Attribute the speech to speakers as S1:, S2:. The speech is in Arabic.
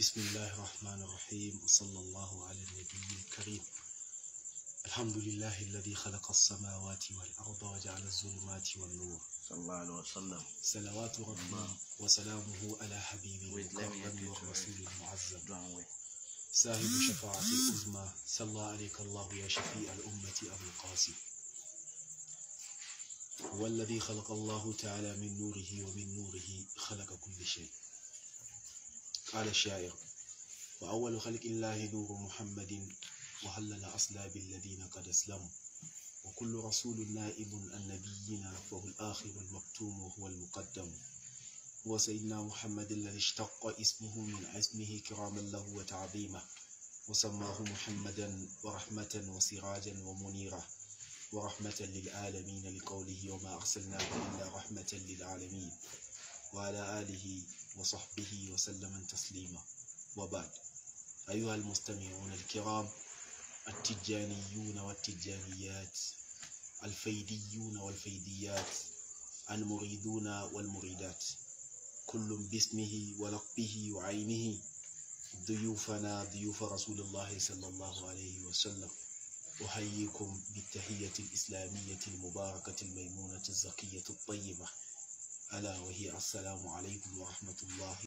S1: بسم الله الرحمن الرحيم وصلى الله على النبي الكريم الحمد لله الذي خلق السماوات والأرض وجعل الظلمات والنور صلى الله عليه وسلم صلوات ربنا وسلامه على حبيبي المكرم والرسول المعزم صاحب شفاعة الأزمة صلى عليك الله يا شفيع الأمة أبو القاسم والذي خلق الله تعالى من نوره ومن نوره خلق كل شيء قال الشاعر وأول خلق الله نور محمد وهلل أصلا بالذين قد أسلموا وكل رسول نائب عن نبينا فهو الآخر المكتوم وهو المقدم هو سيدنا محمد الذي اشتق اسمه من اسمه كراما له وتعظيما وسماه محمدا ورحمة وسراجا ومنيرا ورحمة للعالمين لقوله وما أرسلناه إلا رحمة للعالمين وعلى آله وصحبه وسلم تسليما وبعد أيها المستمعون الكرام التجانيون والتجانيات الفيديون والفيديات المريدون والمريدات كل باسمه ولقبه وعينه ضيوفنا ضيوف رسول الله صلى الله عليه وسلم أحييكم بالتحية الإسلامية المباركة
S2: الميمونة الزكية الطيبة ألا وهي السلام عليكم ورحمة الله